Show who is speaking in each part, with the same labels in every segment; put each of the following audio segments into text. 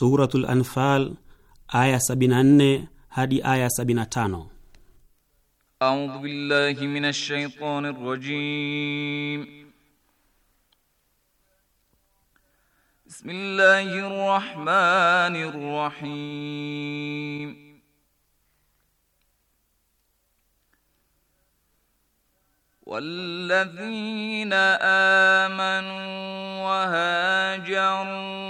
Speaker 1: Suratul Anfal aya 74 hadi aya 75.
Speaker 2: أعوذ بالله من الشيطان الرجيم بسم الله الرحمن الرحيم والذين آمنوا وهاجروا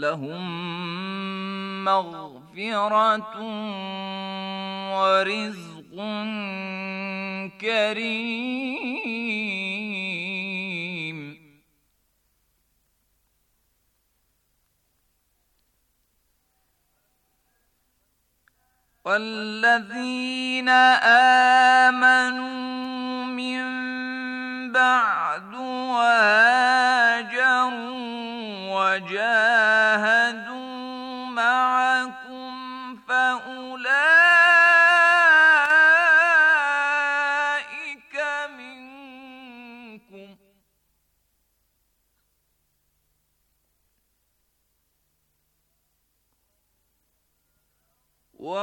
Speaker 2: لهم مغفرة ورزق كريم والذين آمنوا من بعد وآمنوا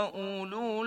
Speaker 2: wa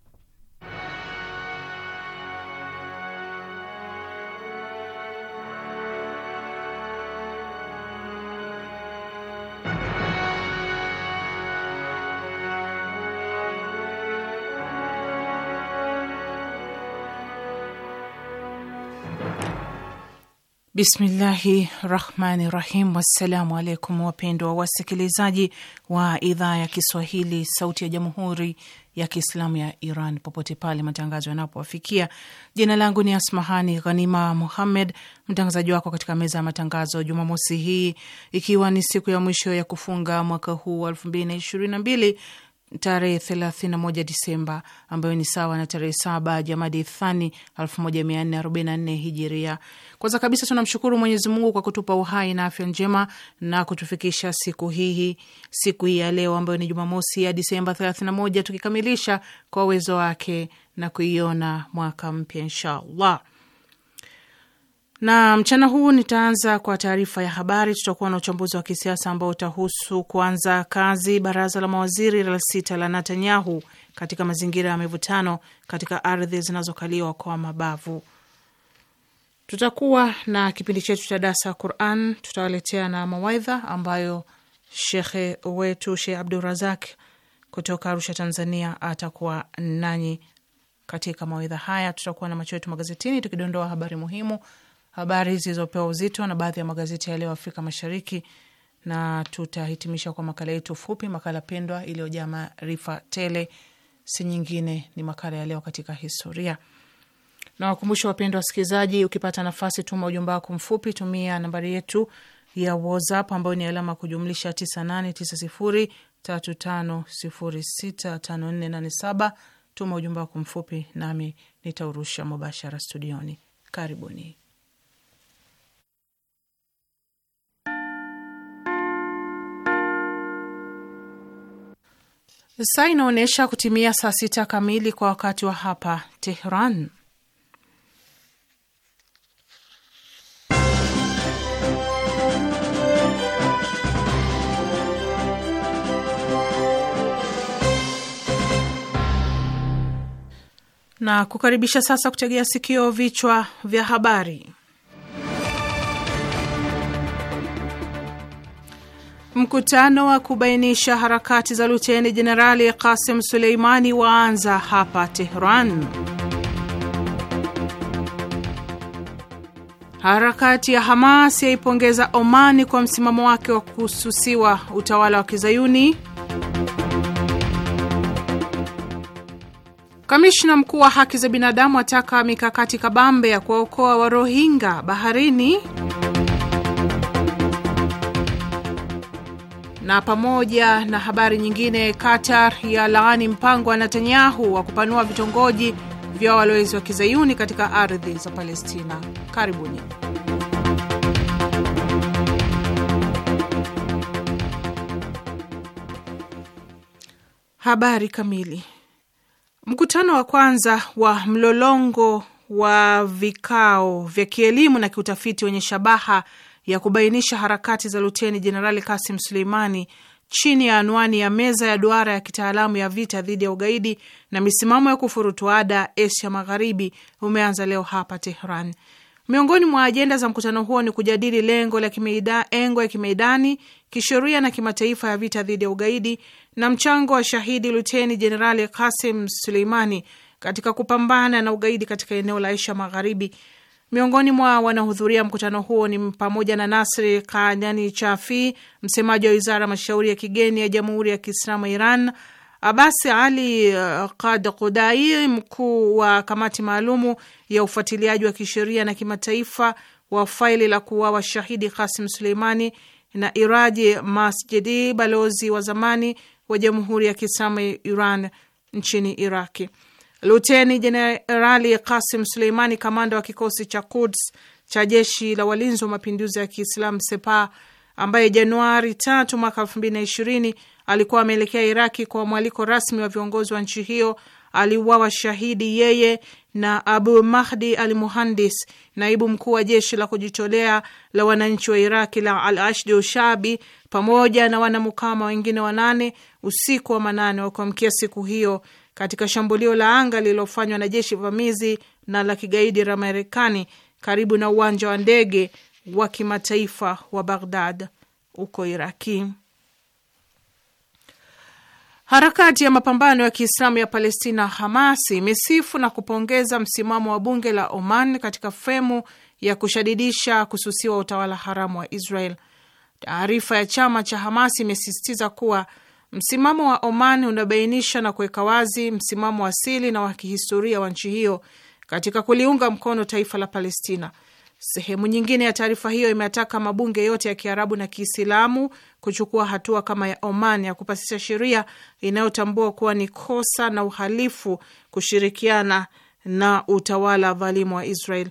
Speaker 3: Bismillahi rahmani rahim. Wassalamu alaikum, wapendwa wasikilizaji wa idhaa ya Kiswahili sauti ya jamhuri ya Kiislamu ya Iran, popote pale matangazo yanapowafikia. Jina langu ni Asmahani Ghanima Muhammed, mtangazaji wako katika meza ya matangazo Jumamosi hii, ikiwa ni siku ya mwisho ya kufunga mwaka huu wa elfu mbili na ishirini na mbili tarehe moja Disemba ambayo ni sawa na tarehe saba Jamadi Thani moja nne Hijiria. Kwanza kabisa tunamshukuru Mwenyezi Mungu kwa kutupa uhai na afya njema na kutufikisha siku hii siku hii ya leo ambayo ni Jumamosi ya Disemba moja tukikamilisha kwa uwezo wake na kuiona mwaka mpya inshallah na mchana huu nitaanza kwa taarifa ya habari. Tutakuwa na uchambuzi wa kisiasa ambao utahusu kuanza kazi baraza la mawaziri la sita la Netanyahu katika mazingira ya mivutano katika ardhi zinazokaliwa kwa mabavu. Tutakuwa na kipindi chetu cha dasa Quran, tutawaletea na mawaidha ambayo shekhe wetu Sheh Abdurazak kutoka Arusha, Tanzania, atakuwa nanyi katika mawaidha haya. Tutakuwa na macho yetu magazetini, tukidondoa habari muhimu habari zilizopewa uzito na baadhi ya magazeti ya leo Afrika Mashariki, na tutahitimisha kwa makala yetu fupi, makala pendwa iliyojaa maarifa tele, si nyingine ni makala ya leo katika historia. Na wakumbusha wapendwa wasikilizaji, ukipata nafasi, tuma ujumbe wako mfupi, tumia nambari yetu ya WhatsApp ambayo ni alama kujumlisha 989035065487. Tuma ujumbe wako mfupi nami nitaurusha mubashara studioni. Karibuni. Saa inaonyesha kutimia saa sita kamili kwa wakati wa hapa Tehran. Na kukaribisha sasa kutegea sikio vichwa vya habari. Mkutano wa kubainisha harakati za Luteni Jenerali Kasim Suleimani waanza hapa Tehran. Harakati ya Hamas yaipongeza Omani kwa msimamo wake wa kususiwa utawala wa Kizayuni. Kamishna mkuu wa haki za binadamu ataka mikakati kabambe ya kuwaokoa Warohinga baharini. na pamoja na habari nyingine, Qatar ya laani mpango wa Netanyahu wa kupanua vitongoji vya walowezi wa kizayuni katika ardhi za Palestina. Karibuni. Habari kamili. Mkutano wa kwanza wa mlolongo wa vikao vya kielimu na kiutafiti wenye shabaha ya kubainisha harakati za Luteni Jenerali Kasim Suleimani chini ya anwani ya meza ya duara ya kitaalamu ya vita dhidi ya ugaidi na misimamo ya kufurutuada Asia Magharibi umeanza leo hapa Tehran. Miongoni mwa ajenda za mkutano huo ni kujadili lengo la kimeida, engo ya kimeidani, kisheria na kimataifa ya vita dhidi ya ugaidi na mchango wa shahidi Luteni Jenerali Kasim Suleimani katika kupambana na ugaidi katika eneo la Asia Magharibi Miongoni mwa wanaohudhuria mkutano huo ni pamoja na Nasri Kaadani Chafi, msemaji wa wizara ya mashauri ya kigeni ya Jamhuri ya Kiislamu Iran, Abasi Ali kudai uh, mkuu wa kamati maalumu ya ufuatiliaji wa kisheria na kimataifa wa faili la kuuawa shahidi Kasim Suleimani, na Iraji Masjidi, balozi wa zamani wa Jamhuri ya Kiislamu Iran nchini Iraki. Luteni Jenerali Kasim Suleimani, kamanda wa kikosi cha Kuds cha jeshi la walinzi wa mapinduzi ya Kiislamu Sepa, ambaye Januari tatu mwaka elfu mbili na ishirini alikuwa ameelekea Iraki kwa mwaliko rasmi wa viongozi wa nchi hiyo, aliuawa shahidi yeye na Abu Mahdi al Muhandis, naibu mkuu wa jeshi la kujitolea la wananchi wa Iraki la Al Ashdi Ushabi, pamoja na wanamukama wengine wanane usiku wa manane wa kuamkia siku hiyo katika shambulio la anga lililofanywa na jeshi vamizi na la kigaidi la Marekani karibu na uwanja wa ndege wa kimataifa wa Baghdad huko Iraki. Harakati ya mapambano ya Kiislamu ya Palestina Hamas imesifu na kupongeza msimamo wa bunge la Oman katika fremu ya kushadidisha kususiwa utawala haramu wa Israel. Taarifa ya chama cha Hamas imesisitiza kuwa Msimamo wa Oman unabainisha na kuweka wazi msimamo asili na wa kihistoria wa nchi hiyo katika kuliunga mkono taifa la Palestina. Sehemu nyingine ya taarifa hiyo imeataka mabunge yote ya Kiarabu na Kiislamu kuchukua hatua kama ya Oman ya kupasisha sheria inayotambua kuwa ni kosa na uhalifu kushirikiana na utawala dhalimu wa Israel.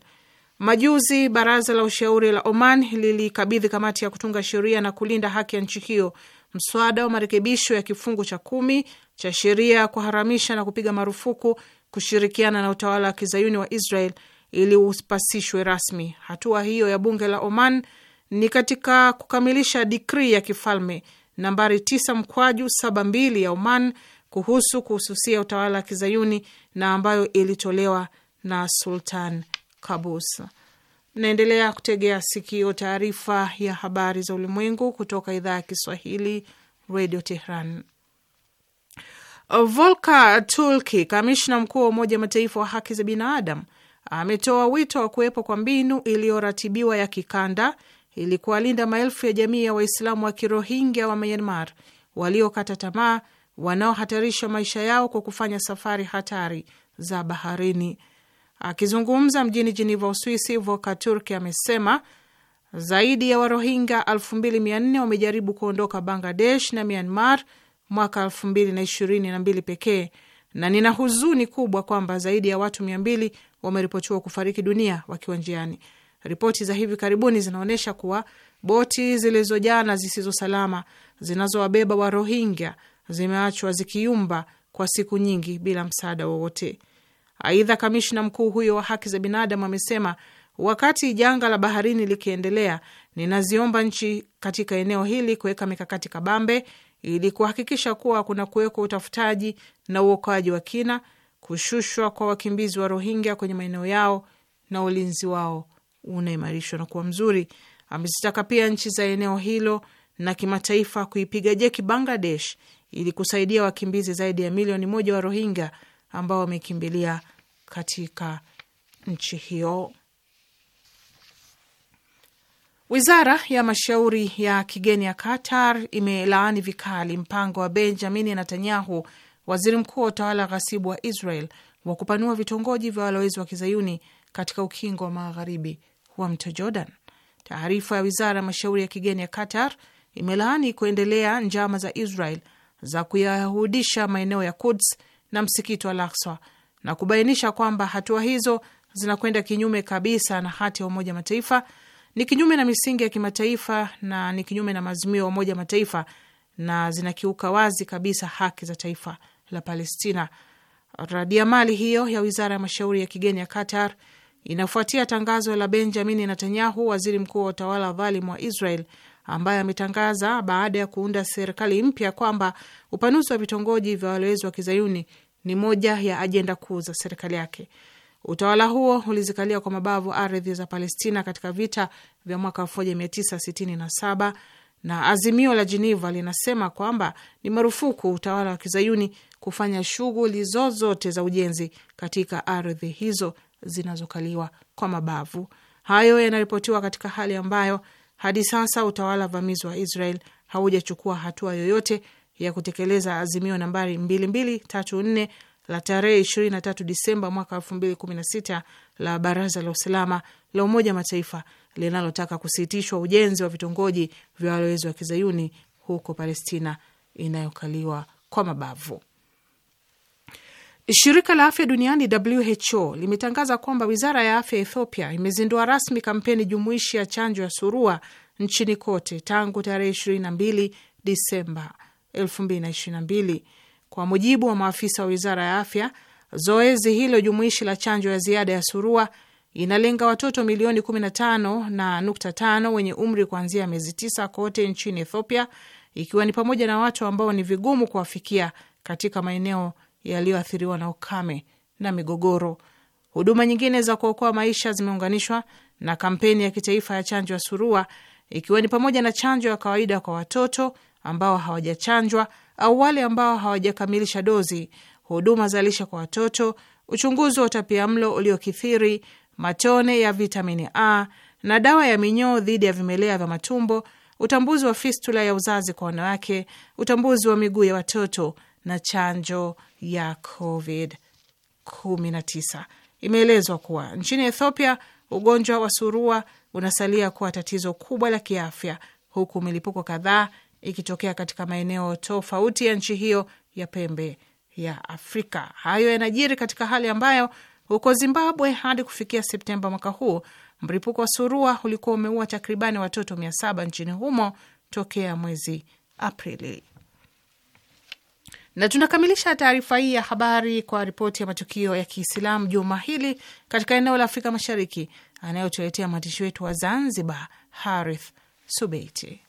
Speaker 3: Majuzi baraza la ushauri la Oman lilikabidhi kamati ya kutunga sheria na kulinda haki ya nchi hiyo mswada wa marekebisho ya kifungu cha kumi cha sheria ya kuharamisha na kupiga marufuku kushirikiana na utawala wa kizayuni wa Israel ili upasishwe rasmi. Hatua hiyo ya bunge la Oman ni katika kukamilisha dikrii ya kifalme nambari 9 mkwaju 72 ya Oman kuhusu kuhususia utawala wa kizayuni na ambayo ilitolewa na Sultan Kabus. Naendelea kutegea sikio taarifa ya habari za ulimwengu kutoka idhaa ya Kiswahili, Radio Tehran. Volker Turk, kamishna mkuu wa Umoja wa Mataifa wa haki za binadamu, ametoa wito wa kuwepo kwa mbinu iliyoratibiwa ya kikanda ili kuwalinda maelfu ya jamii ya Waislamu wa Kirohingya wa Myanmar waliokata tamaa, wanaohatarisha maisha yao kwa kufanya safari hatari za baharini. Akizungumza mjini Jeneva, Uswisi, Voka Turki amesema zaidi ya Warohingya 2400 wamejaribu kuondoka Bangladesh na Myanmar mwaka 2022 pekee, na nina huzuni kubwa kwamba zaidi ya watu 200 wameripotiwa kufariki dunia wakiwa njiani. Ripoti za hivi karibuni zinaonyesha kuwa boti zilizojana zisizo salama zinazowabeba Warohingya zimeachwa zikiumba kwa siku nyingi bila msaada wowote. Aidha, kamishna mkuu huyo wa haki za binadamu amesema wakati janga la baharini likiendelea, ninaziomba nchi katika eneo hili kuweka mikakati kabambe ili kuhakikisha kuwa kuna kuwekwa utafutaji na uokoaji wa kina, kushushwa kwa wakimbizi wa Rohingya kwenye maeneo yao na ulinzi wao unaimarishwa na kuwa mzuri. Amezitaka pia nchi za eneo hilo na kimataifa kuipiga jeki Bangladesh ili kusaidia wakimbizi zaidi ya milioni moja wa Rohingya ambao wamekimbilia katika nchi hiyo. Wizara ya mashauri ya kigeni ya Qatar imelaani vikali mpango wa Benjamini Netanyahu, waziri mkuu wa utawala ghasibu wa Israel, wa kupanua vitongoji vya walowezi wa kizayuni katika ukingo wa magharibi wa mto Jordan. Taarifa ya wizara ya mashauri ya kigeni ya Qatar imelaani kuendelea njama za Israel za kuyahudisha maeneo ya Kuds na msikiti wa Al-Aqsa na kubainisha kwamba hatua hizo zinakwenda kinyume kabisa na hati ya Umoja Mataifa, ni kinyume na misingi ya kimataifa na ni kinyume na maazimio ya Umoja Mataifa na zinakiuka wazi kabisa haki za taifa la Palestina. Radiamali hiyo ya wizara ya mashauri ya kigeni ya Qatar inafuatia tangazo la Benjamin Netanyahu, waziri mkuu wa utawala wa dhalimu wa Israel, ambaye ametangaza baada ya kuunda serikali mpya kwamba upanuzi wa vitongoji vya walowezi wa kizayuni ni moja ya ajenda kuu za serikali yake. Utawala huo ulizikalia kwa mabavu ardhi za Palestina katika vita vya mwaka 1967 na azimio la Geneva linasema kwamba ni marufuku utawala wa kizayuni kufanya shughuli zozote za ujenzi katika ardhi hizo zinazokaliwa kwa mabavu. Hayo yanaripotiwa katika hali ambayo hadi sasa utawala vamizi wa Israel haujachukua hatua yoyote ya kutekeleza azimio nambari 2234 la tarehe 23 Disemba mwaka 2016 la Baraza la Usalama la Umoja Mataifa linalotaka kusitishwa ujenzi wa vitongoji vya walowezi wa kizayuni huko Palestina inayokaliwa kwa mabavu. Shirika la afya duniani WHO limetangaza kwamba wizara ya afya ya Ethiopia imezindua rasmi kampeni jumuishi ya chanjo ya surua nchini kote tangu tarehe 22 Disemba 2022. Kwa mujibu wa maafisa wa wizara ya afya, zoezi hilo jumuishi la chanjo ya ziada ya surua inalenga watoto milioni 15 na nukta tano wenye umri kuanzia miezi 9 kote nchini Ethiopia, ikiwa ni pamoja na watu ambao ni vigumu kuwafikia katika maeneo yaliyoathiriwa na ukame na migogoro. Huduma nyingine za kuokoa maisha zimeunganishwa na kampeni ya kitaifa ya chanjo ya surua, ikiwa ni pamoja na chanjo ya kawaida kwa watoto ambao hawajachanjwa au wale ambao hawajakamilisha dozi, huduma za lishe kwa watoto, uchunguzi wa utapiamlo uliokithiri, matone ya vitamini A na dawa ya minyoo dhidi ya vimelea vya matumbo, utambuzi wa fistula ya uzazi kwa wanawake, utambuzi wa miguu ya watoto na chanjo ya Covid 19. Imeelezwa kuwa nchini Ethiopia ugonjwa wa surua unasalia kuwa tatizo kubwa la kiafya, huku milipuko kadhaa ikitokea katika maeneo tofauti ya nchi hiyo ya pembe ya Afrika. Hayo yanajiri katika hali ambayo huko Zimbabwe hadi kufikia Septemba mwaka huu mlipuko wa surua ulikuwa umeua takribani watoto mia saba nchini humo tokea mwezi Aprili. Na tunakamilisha taarifa hii ya habari kwa ripoti ya matukio ya Kiislamu juma hili katika eneo la Afrika Mashariki, anayotuletea mwandishi wetu wa Zanzibar, Harith Subeiti.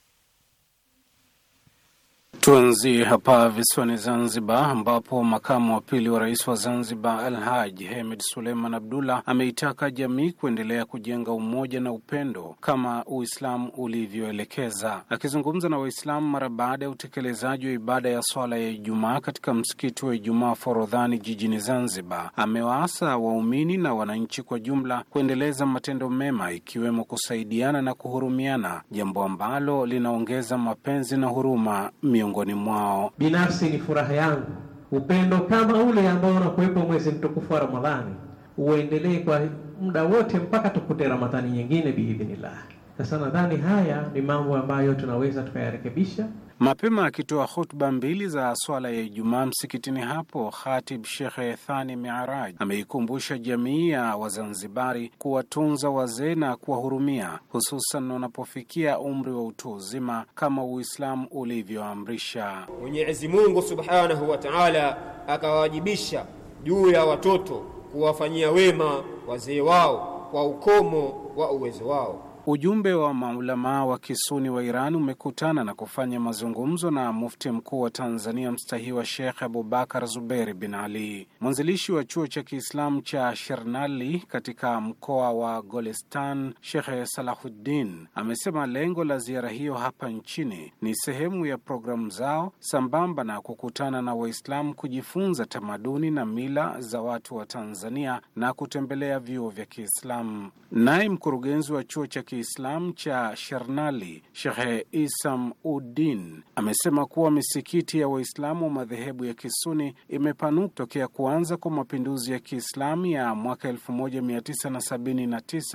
Speaker 4: Tuanzie hapa visiwani Zanzibar, ambapo makamu wa pili wa rais wa Zanzibar Alhaj Hemed Suleiman Abdullah ameitaka jamii kuendelea kujenga umoja na upendo kama Uislamu ulivyoelekeza. Akizungumza na Waislamu mara baada ya utekelezaji wa ibada ya swala ya Ijumaa katika msikiti wa Ijumaa Forodhani jijini Zanzibar, amewaasa waumini na wananchi kwa jumla kuendeleza matendo mema, ikiwemo kusaidiana na kuhurumiana, jambo ambalo linaongeza mapenzi na huruma miongoni miongoni mwao. Binafsi ni furaha yangu, upendo kama ule ambao unakuwepo mwezi mtukufu wa Ramadhani uendelee kwa muda wote mpaka tukute Ramadhani nyingine
Speaker 1: biidhinillah. Sasa nadhani haya ni mambo ambayo tunaweza tukayarekebisha.
Speaker 4: Mapema akitoa hutuba mbili za swala ya Ijumaa msikitini hapo, Khatib Shekhe Thani Miaraj ameikumbusha jamii ya Wazanzibari kuwatunza wazee na kuwahurumia, hususan wanapofikia umri wa utu uzima kama Uislamu ulivyoamrisha. Mwenyezi Mungu subhanahu wa taala akawawajibisha juu ya watoto kuwafanyia wema wazee wao kwa ukomo wa uwezo wao. Ujumbe wa maulamaa wa kisuni wa Iran umekutana na kufanya mazungumzo na mufti mkuu wa Tanzania mstahiwa Sheikh Abubakar Zuberi bin Ali, mwanzilishi wa chuo cha Kiislamu cha Shernali katika mkoa wa Golestan. Sheikh Salahuddin amesema lengo la ziara hiyo hapa nchini ni sehemu ya programu zao sambamba na kukutana na Waislamu kujifunza tamaduni na mila za watu wa Tanzania na kutembelea vyuo vya Kiislamu. Naye mkurugenzi wa chuo cha Kiislamu cha Sharnali, Shehe Isam udin amesema kuwa misikiti ya Waislamu wa madhehebu ya Kisuni imepanuka tokea kuanza kwa mapinduzi ya Kiislamu ya mwaka 1979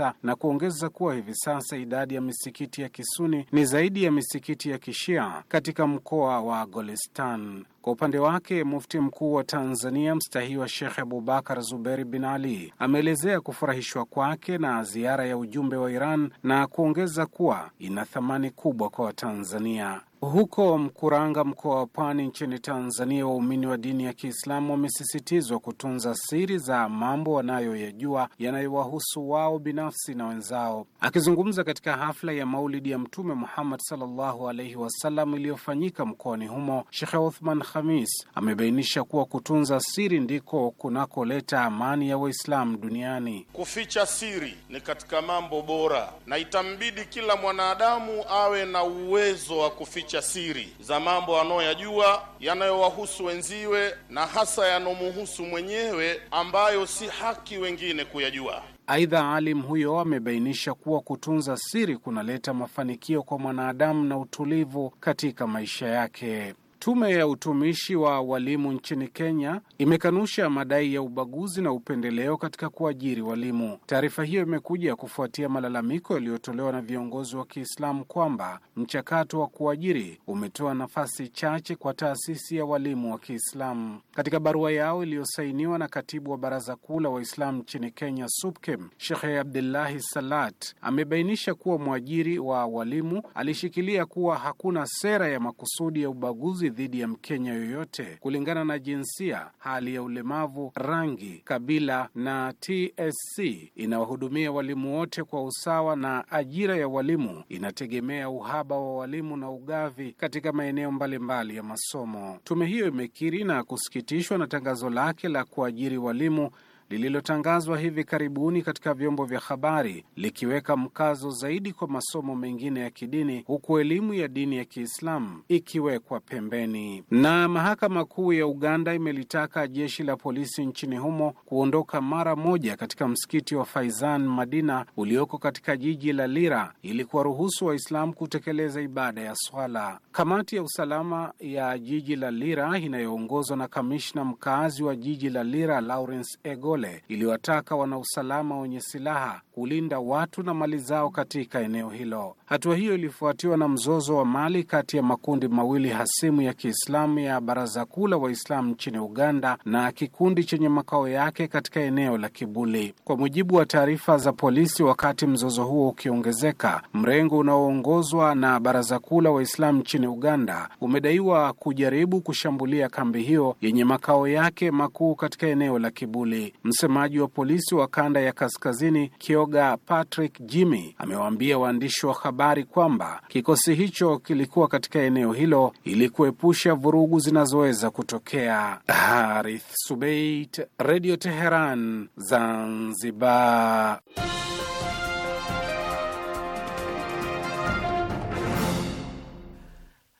Speaker 4: na, na kuongeza kuwa hivi sasa idadi ya misikiti ya Kisuni ni zaidi ya misikiti ya Kishia katika mkoa wa Golestan. Kwa upande wake, mufti mkuu wa Tanzania mstahiwa Shekh Abubakar Zuberi bin Ali ameelezea kufurahishwa kwake na ziara ya ujumbe wa Iran na kuongeza kuwa ina thamani kubwa kwa Watanzania. Huko Mkuranga, mkoa wa Pwani nchini Tanzania, waumini wa dini ya Kiislamu wamesisitizwa kutunza siri za mambo wanayoyajua yanayowahusu wao binafsi na wenzao. Akizungumza katika hafla ya maulidi ya Mtume Muhammad sallallahu alaihi wasallam iliyofanyika mkoani humo, Shekhe Uthman Khamis amebainisha kuwa kutunza siri ndiko kunakoleta amani ya Waislamu duniani.
Speaker 5: Kuficha siri ni katika mambo bora na itambidi kila mwanadamu awe na uwezo wa kuficha cha siri za mambo anayoyajua yanayowahusu wenziwe na hasa yanomuhusu mwenyewe ambayo si haki wengine kuyajua.
Speaker 4: Aidha, alim huyo amebainisha kuwa kutunza siri kunaleta mafanikio kwa mwanadamu na utulivu katika maisha yake. Tume ya utumishi wa walimu nchini Kenya imekanusha madai ya ubaguzi na upendeleo katika kuajiri walimu. Taarifa hiyo imekuja kufuatia malalamiko yaliyotolewa na viongozi wa Kiislamu kwamba mchakato wa kuajiri umetoa nafasi chache kwa taasisi ya walimu wa Kiislamu. Katika barua yao iliyosainiwa na katibu wa Baraza Kuu la Waislamu nchini Kenya, SUPKEM, Shekhe Abdullahi Salat amebainisha kuwa mwajiri wa walimu alishikilia kuwa hakuna sera ya makusudi ya ubaguzi dhidi ya Mkenya yoyote kulingana na jinsia hali ya ulemavu, rangi, kabila na TSC inawahudumia walimu wote kwa usawa, na ajira ya walimu inategemea uhaba wa walimu na ugavi katika maeneo mbalimbali ya masomo. Tume hiyo imekiri na kusikitishwa na tangazo lake la kuajiri walimu lililotangazwa hivi karibuni katika vyombo vya habari likiweka mkazo zaidi kwa masomo mengine ya kidini huku elimu ya dini ya Kiislamu ikiwekwa pembeni. Na mahakama kuu ya Uganda imelitaka jeshi la polisi nchini humo kuondoka mara moja katika msikiti wa Faizan Madina ulioko katika jiji la Lira ili kuwaruhusu Waislamu kutekeleza ibada ya swala. Kamati ya usalama ya jiji la Lira inayoongozwa na kamishna mkaazi wa jiji la Lira Lawrence Ego polepole iliwataka wanausalama wenye silaha kulinda watu na mali zao katika eneo hilo. Hatua hiyo ilifuatiwa na mzozo wa mali kati ya makundi mawili hasimu ya Kiislamu ya Baraza Kuu la Waislamu nchini Uganda na kikundi chenye makao yake katika eneo la Kibuli. Kwa mujibu wa taarifa za polisi, wakati mzozo huo ukiongezeka, mrengo unaoongozwa na Baraza Kuu la Waislamu nchini Uganda umedaiwa kujaribu kushambulia kambi hiyo yenye makao yake makuu katika eneo la Kibuli. Msemaji wa polisi wa kanda ya kaskazini Kioga Patrick Jimmy amewaambia waandishi wa habari kwamba kikosi hicho kilikuwa katika eneo hilo ili kuepusha vurugu zinazoweza kutokea. Harith Subeit, Radio Teheran, Zanzibar.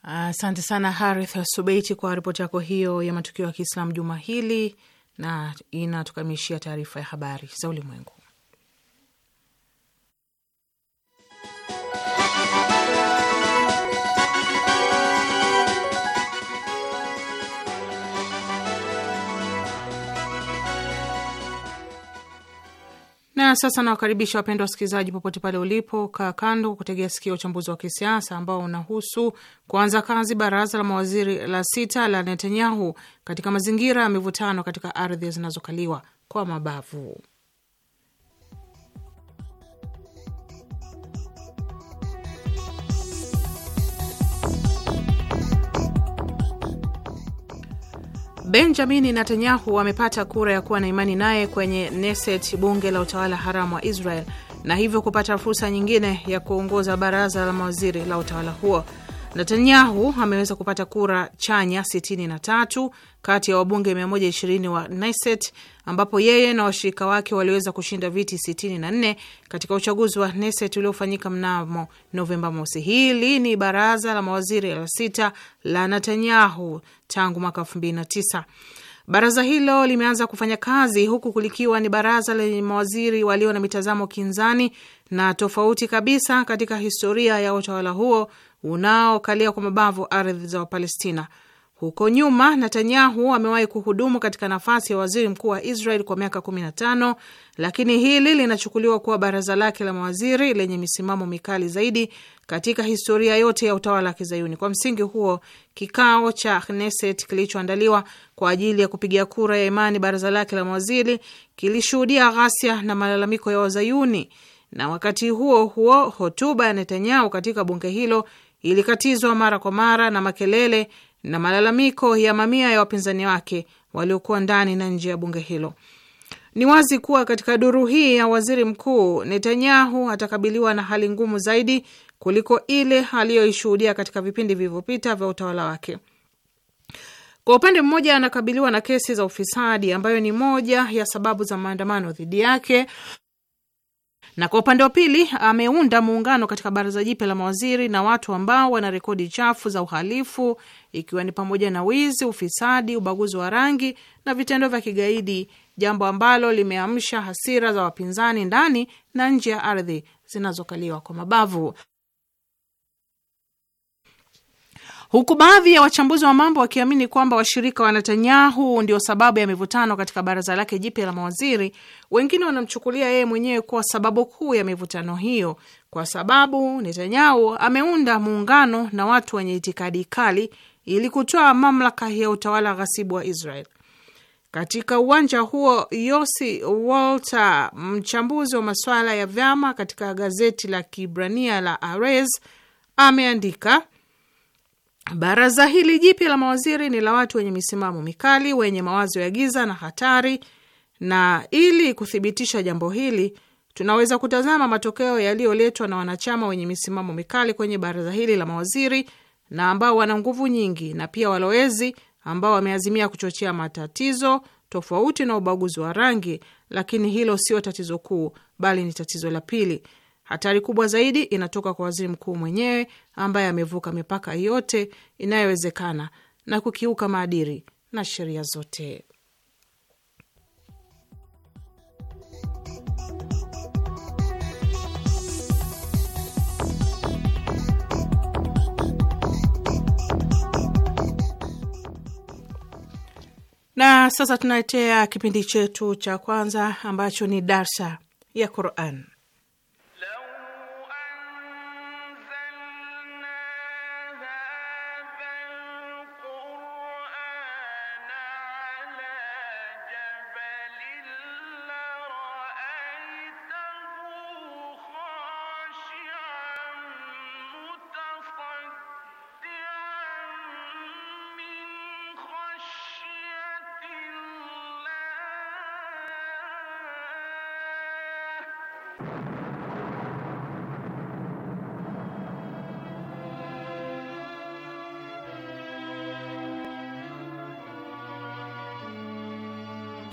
Speaker 3: Asante sana Harith Subeiti kwa ripoti yako hiyo ya matukio ya Kiislamu juma hili na inatukamishia taarifa ya habari za ulimwengu. Na sasa nawakaribisha wapendwa wasikilizaji, popote pale ulipo, kaa kando kutegea sikio uchambuzi wa kisiasa ambao unahusu kuanza kazi baraza la mawaziri la sita la Netanyahu katika mazingira ya mivutano katika ardhi zinazokaliwa kwa mabavu. Benjamini Netanyahu amepata kura ya kuwa na imani naye kwenye neset bunge la utawala haramu wa Israel, na hivyo kupata fursa nyingine ya kuongoza baraza la mawaziri la utawala huo. Netanyahu ameweza kupata kura chanya 63 kati ya wabunge 120 wa Knesset, ambapo yeye na washirika wake waliweza kushinda viti 64 katika uchaguzi wa Knesset uliofanyika mnamo Novemba mosi. Hili ni baraza la mawaziri la sita la Netanyahu tangu mwaka 2009. Baraza hilo limeanza kufanya kazi huku kulikiwa ni baraza lenye mawaziri walio na mitazamo kinzani na tofauti kabisa katika historia ya utawala huo unaokalia kwa mabavu ardhi za Wapalestina. Huko nyuma Netanyahu amewahi kuhudumu katika nafasi ya waziri mkuu wa Israel kwa miaka 15, lakini hili linachukuliwa kuwa baraza lake la mawaziri lenye misimamo mikali zaidi katika historia yote ya utawala wa Kizayuni. Kwa msingi huo, kikao cha Knesset kilichoandaliwa kwa ajili ya kupiga kura ya imani baraza lake la mawaziri kilishuhudia ghasia na malalamiko ya Wazayuni, na wakati huo huo hotuba ya Netanyahu katika bunge hilo ilikatizwa mara kwa mara na makelele na malalamiko ya mamia ya wapinzani wake waliokuwa ndani na nje ya bunge hilo. Ni wazi kuwa katika duru hii ya waziri mkuu Netanyahu atakabiliwa na hali ngumu zaidi kuliko ile aliyoishuhudia katika vipindi vilivyopita vya utawala wake. Kwa upande mmoja, anakabiliwa na kesi za ufisadi ambayo ni moja ya sababu za maandamano dhidi yake na kwa upande wa pili ameunda muungano katika baraza jipya la mawaziri na watu ambao wana rekodi chafu za uhalifu ikiwa ni pamoja na wizi, ufisadi, ubaguzi wa rangi na vitendo vya kigaidi, jambo ambalo limeamsha hasira za wapinzani ndani na nje ya ardhi zinazokaliwa kwa mabavu. huku baadhi ya wachambuzi wa mambo wakiamini kwamba washirika wa Netanyahu ndio sababu ya mivutano katika baraza lake jipya la mawaziri. Wengine wanamchukulia yeye mwenyewe kuwa sababu kuu ya mivutano hiyo, kwa sababu Netanyahu ameunda muungano na watu wenye itikadi kali ili kutoa mamlaka ya utawala ghasibu wa Israel. Katika uwanja huo, Yosi Walter, mchambuzi wa masuala ya vyama katika gazeti la Kibrania la Arez, ameandika Baraza hili jipya la mawaziri ni la watu wenye misimamo mikali, wenye mawazo ya giza na hatari, na ili kuthibitisha jambo hili tunaweza kutazama matokeo yaliyoletwa na wanachama wenye misimamo mikali kwenye baraza hili la mawaziri na ambao wana nguvu nyingi na pia walowezi ambao wameazimia kuchochea matatizo tofauti na ubaguzi wa rangi, lakini hilo sio tatizo kuu, bali ni tatizo la pili. Hatari kubwa zaidi inatoka kwa waziri mkuu mwenyewe ambaye amevuka mipaka yote inayowezekana na kukiuka maadili na sheria zote. Na sasa tunaletea kipindi chetu cha kwanza ambacho ni darsa ya Quran.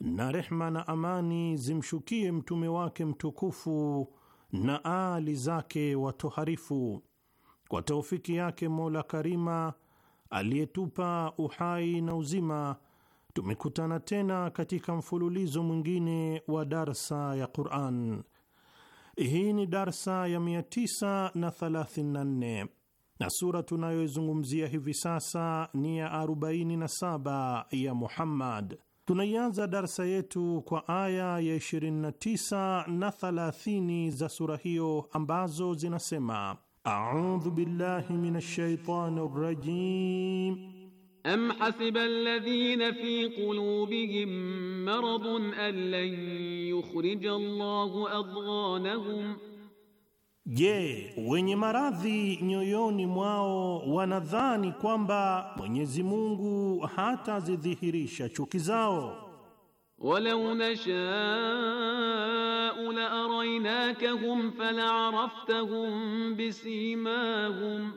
Speaker 5: na rehma na amani zimshukie mtume wake mtukufu na aali zake watoharifu. Kwa taufiki yake Mola Karima aliyetupa uhai na uzima, tumekutana tena katika mfululizo mwingine wa darsa ya Quran. Hii ni darsa ya 934 na sura tunayoizungumzia hivi sasa ni ya 47 ya Muhammad. Tunaianza darsa yetu kwa aya ya 29 na 30 za sura hiyo ambazo zinasema: audhu billahi minash shaitani rajim
Speaker 6: am hasiba alladhina fi qulubihim maradun an lan yukhrija Allahu adghanahum
Speaker 5: Je, wenye maradhi nyoyoni mwao wanadhani kwamba Mwenyezi Mungu hatazidhihirisha chuki zao?
Speaker 6: Walau nashau la araynakahum fala'araftahum bisimahum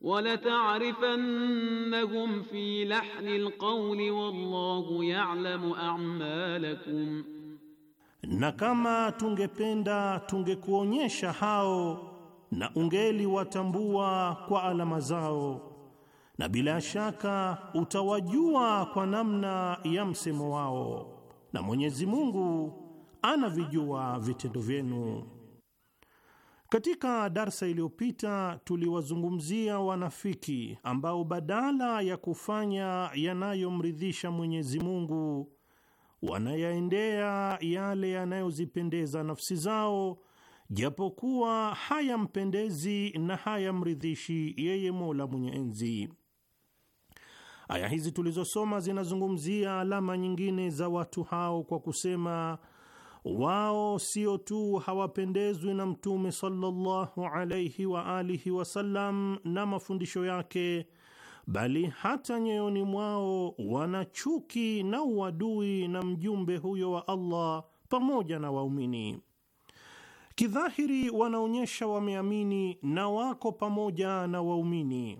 Speaker 6: walata'rifannahum fi lahni alqawli wallahu ya'lamu a'malakum
Speaker 5: na kama tungependa tungekuonyesha hao na ungeliwatambua kwa alama zao, na bila shaka utawajua kwa namna ya msemo wao, na Mwenyezi Mungu anavijua vitendo vyenu. Katika darsa iliyopita tuliwazungumzia wanafiki ambao badala ya kufanya yanayomridhisha Mwenyezi Mungu wanayaendea yale yanayozipendeza nafsi zao, japokuwa hayampendezi na hayamridhishi yeye Mola mwenye enzi. Aya hizi tulizosoma zinazungumzia alama nyingine za watu hao kwa kusema wao sio tu hawapendezwi na Mtume sallallahu alaihi wa alihi wasallam na mafundisho yake bali hata nyoyoni mwao wana chuki na uadui na mjumbe huyo wa Allah pamoja na waumini. Kidhahiri wanaonyesha wameamini na wako pamoja na waumini,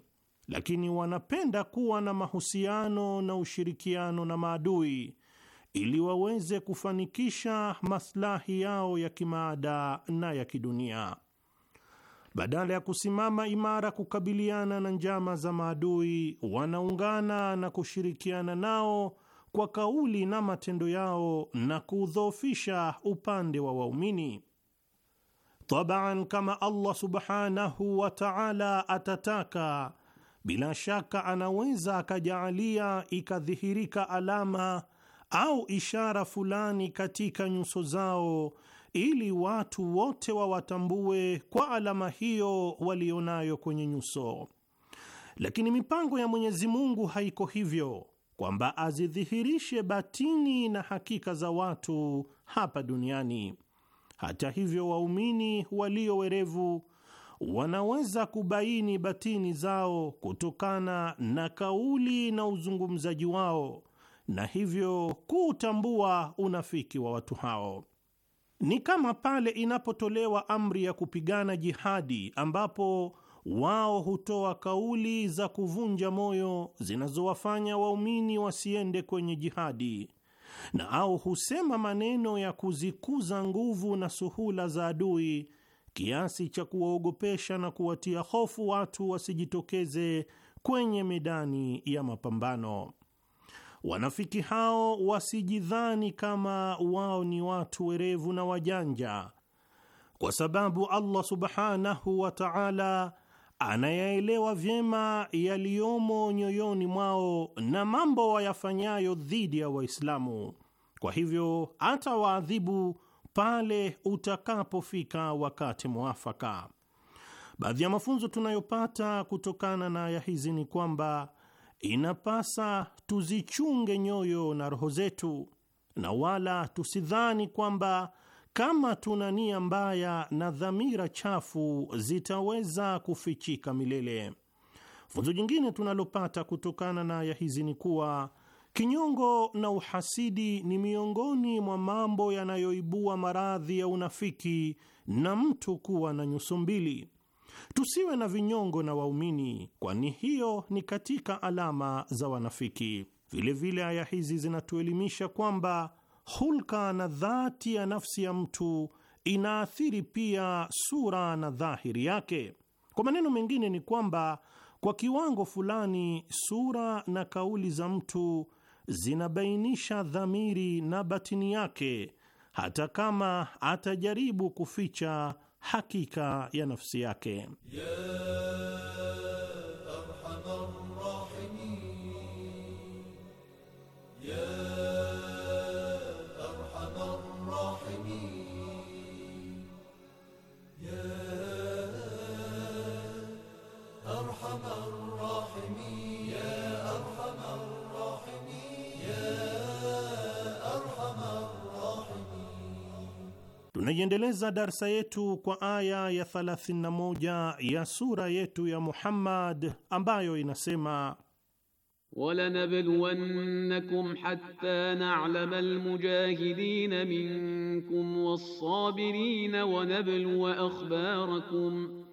Speaker 5: lakini wanapenda kuwa na mahusiano na ushirikiano na maadui ili waweze kufanikisha maslahi yao ya kimaada na ya kidunia. Badala ya kusimama imara kukabiliana na njama za maadui, wanaungana na kushirikiana nao kwa kauli na matendo yao na kudhoofisha upande wa waumini. Tabaan, kama Allah subhanahu wa ta'ala atataka, bila shaka anaweza akajaalia ikadhihirika alama au ishara fulani katika nyuso zao ili watu wote wawatambue kwa alama hiyo walionayo kwenye nyuso. Lakini mipango ya Mwenyezi Mungu haiko hivyo kwamba azidhihirishe batini na hakika za watu hapa duniani. Hata hivyo, waumini walio werevu wanaweza kubaini batini zao kutokana na kauli na uzungumzaji wao, na hivyo kuutambua unafiki wa watu hao. Ni kama pale inapotolewa amri ya kupigana jihadi, ambapo wao hutoa kauli za kuvunja moyo zinazowafanya waumini wasiende kwenye jihadi, na au husema maneno ya kuzikuza nguvu na suhula za adui kiasi cha kuwaogopesha na kuwatia hofu watu wasijitokeze kwenye medani ya mapambano. Wanafiki hao wasijidhani kama wao ni watu werevu na wajanja, kwa sababu Allah subhanahu wa ta'ala anayaelewa vyema yaliyomo nyoyoni mwao na mambo wayafanyayo dhidi ya Waislamu. Kwa hivyo atawaadhibu pale utakapofika wakati mwafaka. Baadhi ya mafunzo tunayopata kutokana na aya hizi ni kwamba inapasa tuzichunge nyoyo na roho zetu, na wala tusidhani kwamba kama tuna nia mbaya na dhamira chafu zitaweza kufichika milele. Funzo jingine tunalopata kutokana na aya hizi ni kuwa kinyongo na uhasidi ni miongoni mwa mambo yanayoibua maradhi ya unafiki na mtu kuwa na nyuso mbili. Tusiwe na vinyongo na waumini, kwani hiyo ni katika alama za wanafiki. Vilevile aya hizi zinatuelimisha kwamba hulka na dhati ya nafsi ya mtu inaathiri pia sura na dhahiri yake. Kwa maneno mengine, ni kwamba kwa kiwango fulani sura na kauli za mtu zinabainisha dhamiri na batini yake, hata kama atajaribu kuficha hakika ya nafsi yake yeah. Tunaiendeleza darsa yetu kwa aya ya 31 ya sura yetu ya Muhammad ambayo inasema
Speaker 6: walanabluwannakum hatta na'lama almujahidina minkum was wanabluwa akhbarakum,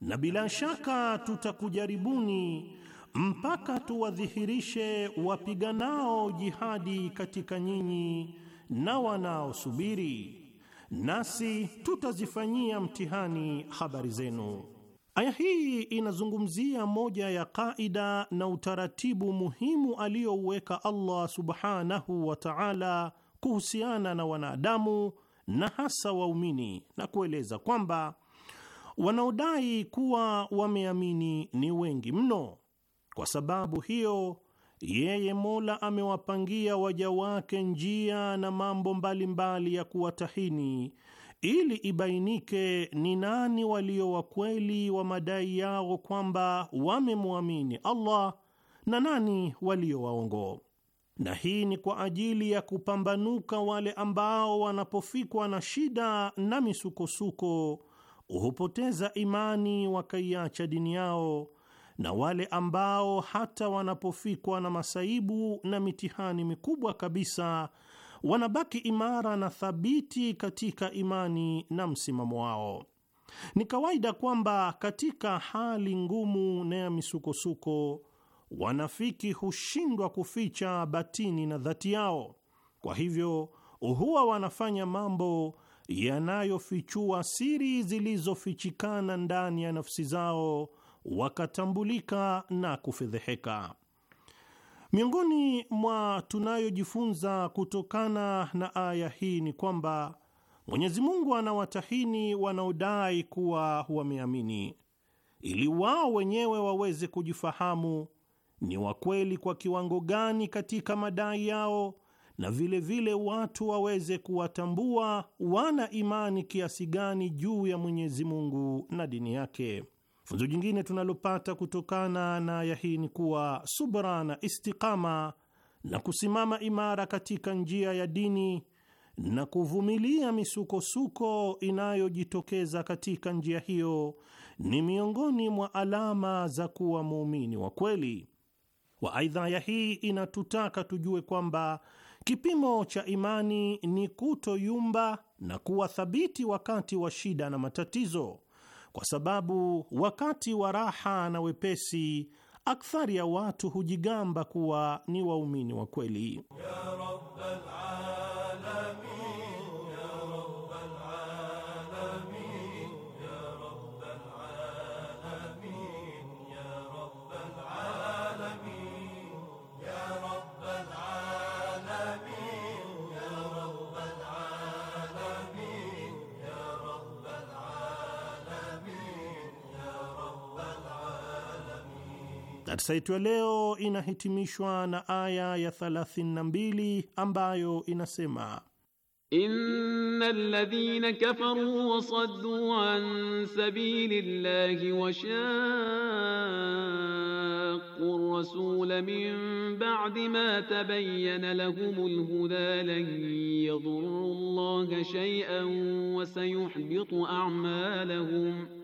Speaker 5: na bila shaka tutakujaribuni mpaka tuwadhihirishe wapiganao jihadi katika nyinyi na wanaosubiri, nasi tutazifanyia mtihani habari zenu. Aya hii inazungumzia moja ya kaida na utaratibu muhimu aliyouweka Allah subhanahu wa ta'ala kuhusiana na wanadamu na hasa waumini, na kueleza kwamba wanaodai kuwa wameamini ni wengi mno. Kwa sababu hiyo yeye Mola amewapangia waja wake njia na mambo mbalimbali mbali ya kuwatahini ili ibainike ni nani walio wakweli wa madai yao kwamba wamemwamini Allah na nani walio waongo. Na hii ni kwa ajili ya kupambanuka wale ambao wanapofikwa na shida na misukosuko hupoteza imani wakaiacha dini yao na wale ambao hata wanapofikwa na masaibu na mitihani mikubwa kabisa wanabaki imara na thabiti katika imani na msimamo wao. Ni kawaida kwamba katika hali ngumu na ya misukosuko wanafiki hushindwa kuficha batini na dhati yao, kwa hivyo huwa wanafanya mambo yanayofichua siri zilizofichikana ndani ya nafsi zao wakatambulika na kufedheheka. Miongoni mwa tunayojifunza kutokana na aya hii ni kwamba Mwenyezi Mungu anawatahini wanaodai kuwa wameamini ili wao wenyewe waweze kujifahamu ni wakweli kwa kiwango gani katika madai yao, na vilevile vile watu waweze kuwatambua wana imani kiasi gani juu ya Mwenyezi Mungu na dini yake. Funzo jingine tunalopata kutokana na ya hii ni kuwa subra na istikama na kusimama imara katika njia ya dini na kuvumilia misukosuko inayojitokeza katika njia hiyo ni miongoni mwa alama za kuwa muumini wa kweli. aidha ya hii inatutaka tujue kwamba kipimo cha imani ni kutoyumba na kuwa thabiti wakati wa shida na matatizo, kwa sababu wakati wa raha na wepesi akthari ya watu hujigamba kuwa ni waumini wa kweli ya Darsa yetu ya leo inahitimishwa na aya ya 32 ambayo inasema
Speaker 6: Innal ladhina kafaru wa saddu an sabilillahi wa shaqqu rasula min ba'di ma tabayyana lahumul huda lan yadurru Allaha shay'an wa sayuhbitu a'malahum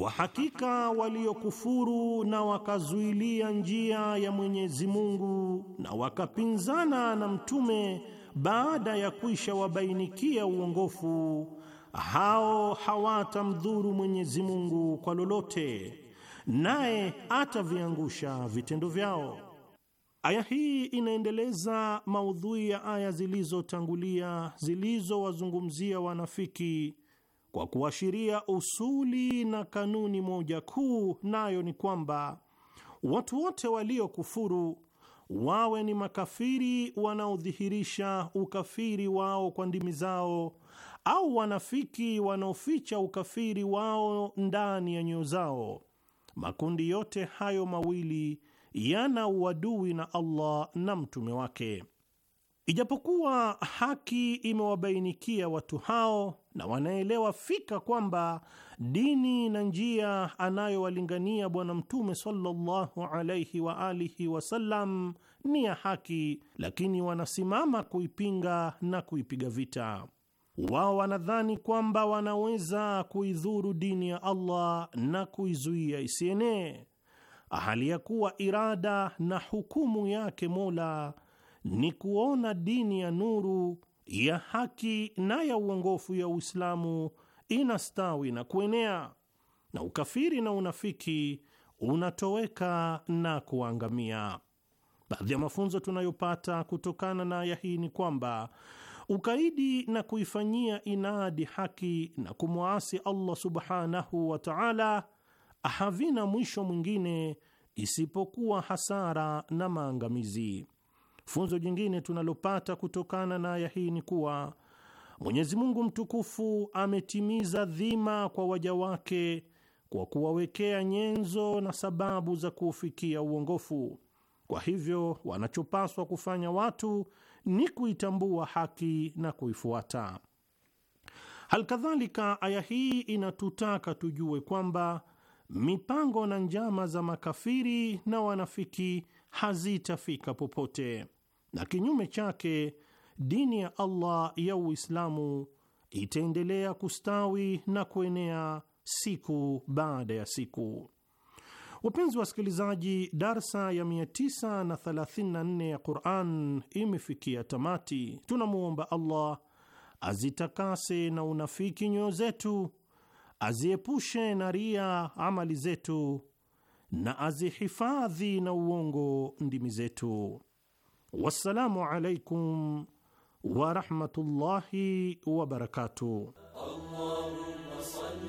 Speaker 5: Wa hakika waliokufuru na wakazuilia njia ya Mwenyezi Mungu na wakapinzana na mtume baada ya kuisha wabainikia uongofu, hao hawatamdhuru Mwenyezi Mungu kwa lolote, naye ataviangusha vitendo vyao. Aya hii inaendeleza maudhui ya aya zilizotangulia zilizowazungumzia wanafiki kwa kuashiria usuli na kanuni moja kuu, nayo ni kwamba watu wote waliokufuru wawe ni makafiri wanaodhihirisha ukafiri wao kwa ndimi zao au wanafiki wanaoficha ukafiri wao ndani ya nyoyo zao. Makundi yote hayo mawili yana uadui na Allah na mtume wake. Ijapokuwa haki imewabainikia watu hao na wanaelewa fika kwamba dini na njia anayowalingania Bwana Mtume sallallahu alaihi wa alihi wasallam ni ya haki, lakini wanasimama kuipinga na kuipiga vita. Wao wanadhani kwamba wanaweza kuidhuru dini ya Allah na kuizuia isienee, hali ya kuwa irada na hukumu yake Mola ni kuona dini ya nuru ya haki na ya uongofu ya Uislamu inastawi na kuenea na ukafiri na unafiki unatoweka na kuangamia. Baadhi ya mafunzo tunayopata kutokana na aya hii ni kwamba ukaidi na kuifanyia inadi haki na kumwasi Allah subhanahu wa ta'ala havina mwisho mwingine isipokuwa hasara na maangamizi. Funzo jingine tunalopata kutokana na aya hii ni kuwa Mwenyezi Mungu mtukufu ametimiza dhima kwa waja wake kwa kuwawekea nyenzo na sababu za kuufikia uongofu. Kwa hivyo wanachopaswa kufanya watu ni kuitambua haki na kuifuata. Halkadhalika, aya hii inatutaka tujue kwamba mipango na njama za makafiri na wanafiki hazitafika popote na kinyume chake dini ya Allah ya Uislamu itaendelea kustawi na kuenea siku baada ya siku. Wapenzi wasikilizaji, darsa ya 934 ya Quran imefikia tamati. Tunamwomba Allah azitakase na unafiki nyoyo zetu, aziepushe na ria amali zetu, na azihifadhi na uongo ndimi zetu. والسلام عليكم ورحمة الله وبركاته
Speaker 6: اللهم صلِّ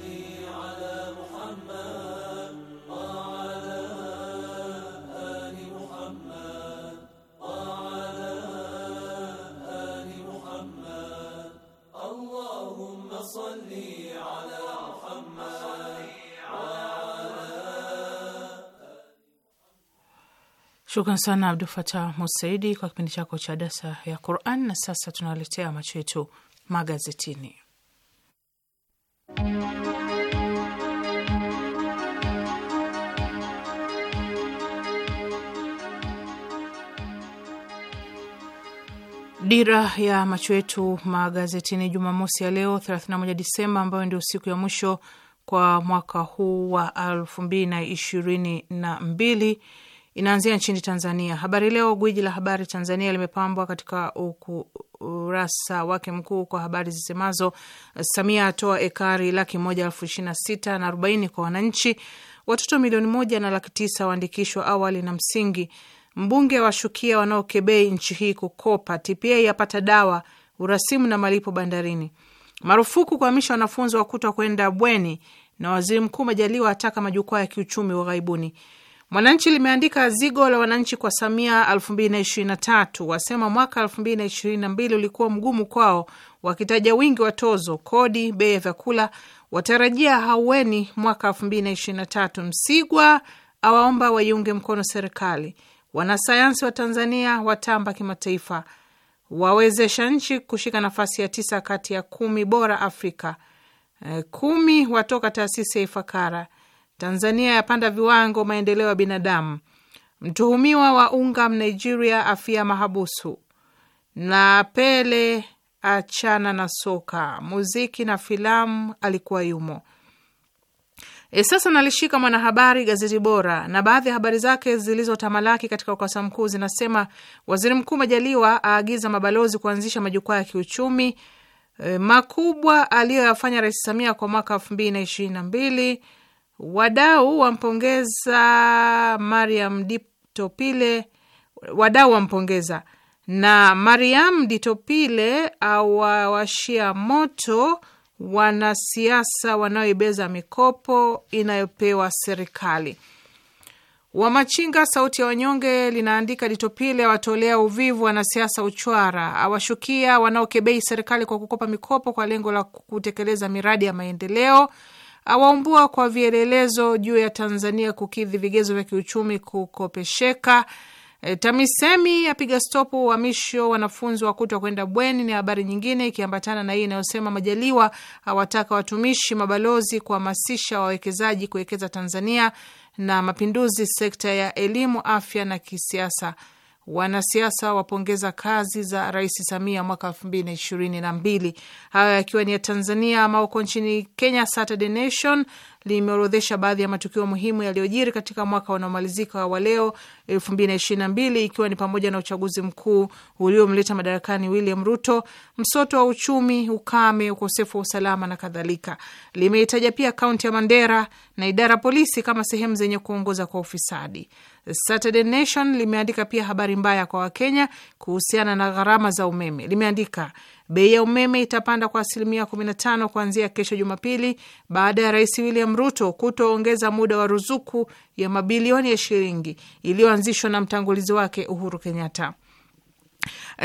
Speaker 3: Shukran sana Abdul Fatah Musaidi kwa kipindi chako cha dasa ya Quran. Na sasa tunawaletea macho yetu magazetini. Dira ya macho yetu magazetini Jumamosi ya leo 31 Disemba, ambayo ndio siku ya mwisho kwa mwaka huu wa elfu mbili na ishirini na mbili Inaanzia nchini Tanzania. Habari Leo, gwiji la habari Tanzania, limepambwa katika ukurasa wake mkuu kwa habari zisemazo: Samia atoa ekari laki moja elfu ishirini na sita na arobaini kwa wananchi, watoto milioni moja na laki tisa waandikishwa awali na msingi, mbunge washukia wanaokebei nchi hii kukopa, TPA yapata dawa, urasimu na malipo bandarini, marufuku kuhamisha wanafunzi wakutwa kwenda bweni, na waziri mkuu Majaliwa ataka majukwaa ya kiuchumi ghaibuni Mwananchi limeandika zigo la wananchi kwa Samia 2023, wasema mwaka 2022 ulikuwa mgumu kwao, wakitaja wingi wa tozo, kodi, bei ya vyakula, watarajia haueni mwaka 2023. Msigwa awaomba waiunge mkono serikali. Wanasayansi wa Tanzania watamba kimataifa, wawezesha nchi kushika nafasi ya tisa kati ya kumi bora Afrika. Eh, kumi watoka taasisi ya Ifakara. Tanzania yapanda viwango maendeleo ya binadamu. Mtuhumiwa wa unga Mnigeria afia mahabusu. Na Pele achana na soka, muziki na filamu alikuwa yumo. E, sasa nalishika Mwanahabari, gazeti bora, na baadhi ya habari zake zilizotamalaki katika ukurasa mkuu zinasema: Waziri Mkuu Majaliwa aagiza mabalozi kuanzisha majukwaa ya kiuchumi. E, makubwa aliyoyafanya Rais Samia kwa mwaka elfu mbili na ishirini na mbili Wadau wampongeza Mariam Ditopile, wadau wampongeza na Mariam Ditopile awawashia moto wanasiasa wanaoibeza mikopo inayopewa serikali. Wamachinga Sauti ya Wanyonge linaandika Ditopile awatolea uvivu wanasiasa uchwara, awashukia wanaokebei serikali kwa kukopa mikopo kwa lengo la kutekeleza miradi ya maendeleo awaumbua kwa vielelezo juu ya Tanzania kukidhi vigezo vya kiuchumi kukopesheka. E, TAMISEMI apiga stopu uhamisho wanafunzi wa kutwa kwenda bweni, ni habari nyingine ikiambatana na hii inayosema Majaliwa awataka watumishi mabalozi kuhamasisha wawekezaji kuwekeza Tanzania, na mapinduzi sekta ya elimu, afya na kisiasa Wanasiasa wapongeza kazi za Rais Samia mwaka elfu mbili na ishirini na mbili. Hayo yakiwa ni ya Tanzania. Ama huko nchini Kenya, Saturday Nation limeorodhesha baadhi ya matukio muhimu yaliyojiri katika mwaka unaomalizika wa leo elfu mbili na ishirini na mbili, ikiwa ni pamoja na uchaguzi mkuu uliomleta madarakani William Ruto, msoto wa uchumi, ukame, ukosefu wa usalama na kadhalika. Limeitaja pia kaunti ya Mandera na idara polisi kama sehemu zenye kuongoza kwa ufisadi. Saturday Nation limeandika pia habari mbaya kwa Wakenya kuhusiana na gharama za umeme. Limeandika bei ya umeme itapanda kwa asilimia 15 kuanzia kesho Jumapili baada ya Rais William Ruto kutoongeza muda wa ruzuku ya mabilioni ya shilingi iliyoanzishwa na mtangulizi wake Uhuru Kenyatta.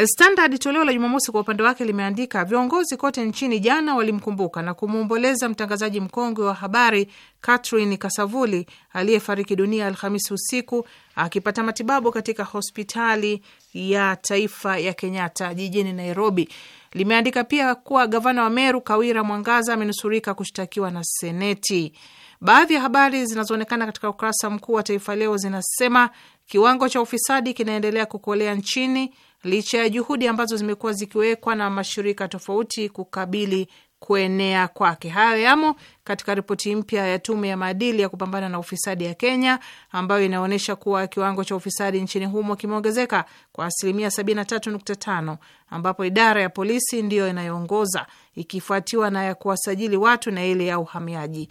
Speaker 3: Standard toleo la Jumamosi kwa upande wake limeandika viongozi kote nchini jana walimkumbuka na kumwomboleza mtangazaji mkongwe wa habari Catherine Kasavuli aliyefariki dunia Alhamisi usiku akipata matibabu katika hospitali ya taifa ya Kenyatta jijini Nairobi. Limeandika pia kuwa gavana wa Meru Kawira Mwangaza amenusurika kushtakiwa na Seneti. Baadhi ya habari zinazoonekana katika ukurasa mkuu wa Taifa Leo zinasema kiwango cha ufisadi kinaendelea kukolea nchini licha ya juhudi ambazo zimekuwa zikiwekwa na mashirika tofauti kukabili kuenea kwake. Hayo yamo katika ripoti mpya ya tume ya maadili ya kupambana na ufisadi ya Kenya ambayo inaonyesha kuwa kiwango cha ufisadi nchini humo kimeongezeka kwa asilimia 73.5 ambapo idara ya polisi ndiyo inayoongoza ikifuatiwa na ya kuwasajili watu na ile ya uhamiaji.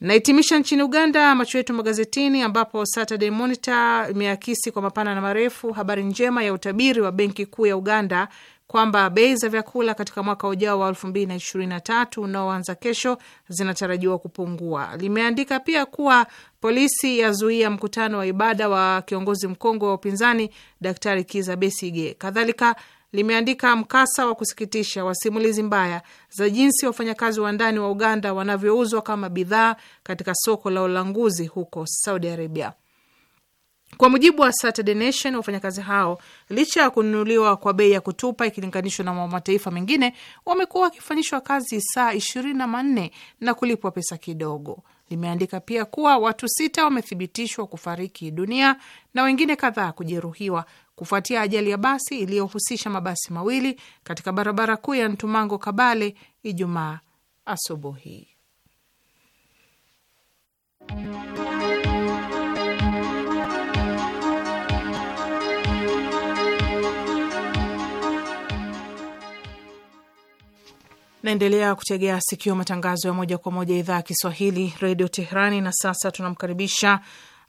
Speaker 3: Nahitimisha nchini Uganda, macho yetu magazetini, ambapo Saturday Monitor imeakisi kwa mapana na marefu habari njema ya utabiri wa benki kuu ya Uganda kwamba bei za vyakula katika mwaka ujao wa 2023 unaoanza kesho zinatarajiwa kupungua. Limeandika pia kuwa polisi yazuia mkutano wa ibada wa kiongozi mkongwe wa upinzani Daktari Kiza Besige. Kadhalika limeandika mkasa wa kusikitisha wa simulizi mbaya za jinsi wafanyakazi wa ndani wa Uganda wanavyouzwa kama bidhaa katika soko la ulanguzi huko Saudi Arabia. Kwa mujibu wa Saturday Nation, wafanyakazi hao licha ya kununuliwa kwa bei ya kutupa ikilinganishwa na mataifa mengine, wamekuwa wakifanyishwa kazi saa 24 na kulipwa pesa kidogo limeandika pia kuwa watu sita wamethibitishwa kufariki dunia na wengine kadhaa kujeruhiwa kufuatia ajali ya basi iliyohusisha mabasi mawili katika barabara kuu ya Ntumango Kabale Ijumaa asubuhi. Naendelea kutegea sikio matangazo ya moja kwa moja idhaa ya Kiswahili redio Teherani. Na sasa tunamkaribisha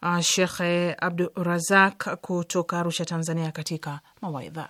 Speaker 3: uh, Shekhe Abdurazak kutoka Arusha, Tanzania, katika mawaidha.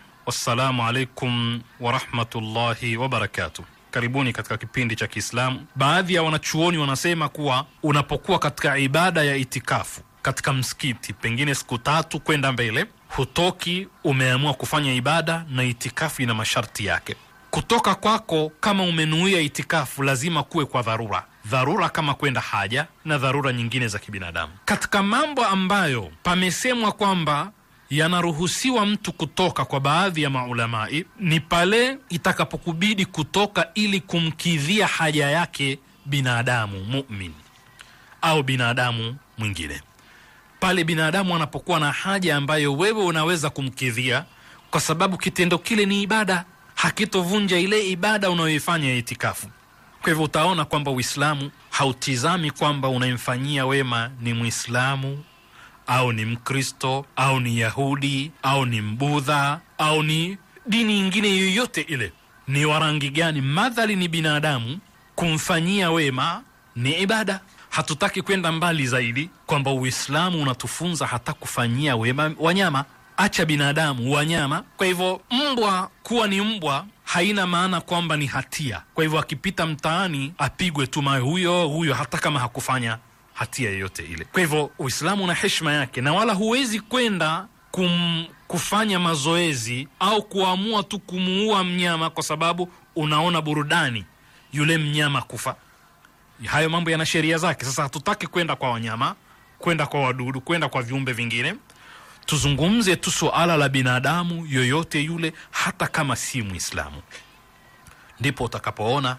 Speaker 7: Wassalamu alaikum warahmatullahi wabarakatuh. Karibuni katika kipindi cha Kiislamu. Baadhi ya wanachuoni wanasema kuwa unapokuwa katika ibada ya itikafu katika msikiti, pengine siku tatu kwenda mbele, hutoki, umeamua kufanya ibada, na itikafu ina masharti yake. Kutoka kwako kama umenuia itikafu, lazima kuwe kwa dharura dharura kama kwenda haja na dharura nyingine za kibinadamu. Katika mambo ambayo pamesemwa kwamba yanaruhusiwa mtu kutoka kwa baadhi ya maulamai ni pale itakapokubidi kutoka ili kumkidhia haja yake binadamu mumin au binadamu mwingine, pale binadamu anapokuwa na haja ambayo wewe unaweza kumkidhia, kwa sababu kitendo kile ni ibada, hakitovunja ile ibada unayoifanya ya itikafu. Kwa hivyo utaona kwamba Uislamu hautizami kwamba unayemfanyia wema ni Mwislamu au ni Mkristo au ni Yahudi au ni Mbudha au ni dini nyingine yoyote ile, ni wa rangi gani, madhali ni binadamu, kumfanyia wema ni ibada. Hatutaki kwenda mbali zaidi kwamba Uislamu unatufunza hata kufanyia wema wanyama, acha binadamu, wanyama. Kwa hivyo mbwa kuwa ni mbwa haina maana kwamba ni hatia. Kwa hivyo akipita mtaani apigwe tu mawe, huyo huyo, hata kama hakufanya hatia yoyote ile. Kwa hivyo Uislamu una heshima yake, na wala huwezi kwenda kum, kufanya mazoezi au kuamua tu kumuua mnyama kwa sababu unaona burudani yule mnyama kufa. Hayo mambo yana sheria zake. Sasa hatutaki kwenda kwa wanyama, kwenda kwa wadudu, kwenda kwa viumbe vingine. Tuzungumze tu suala la binadamu yoyote yule, hata kama si Mwislamu. Ndipo utakapoona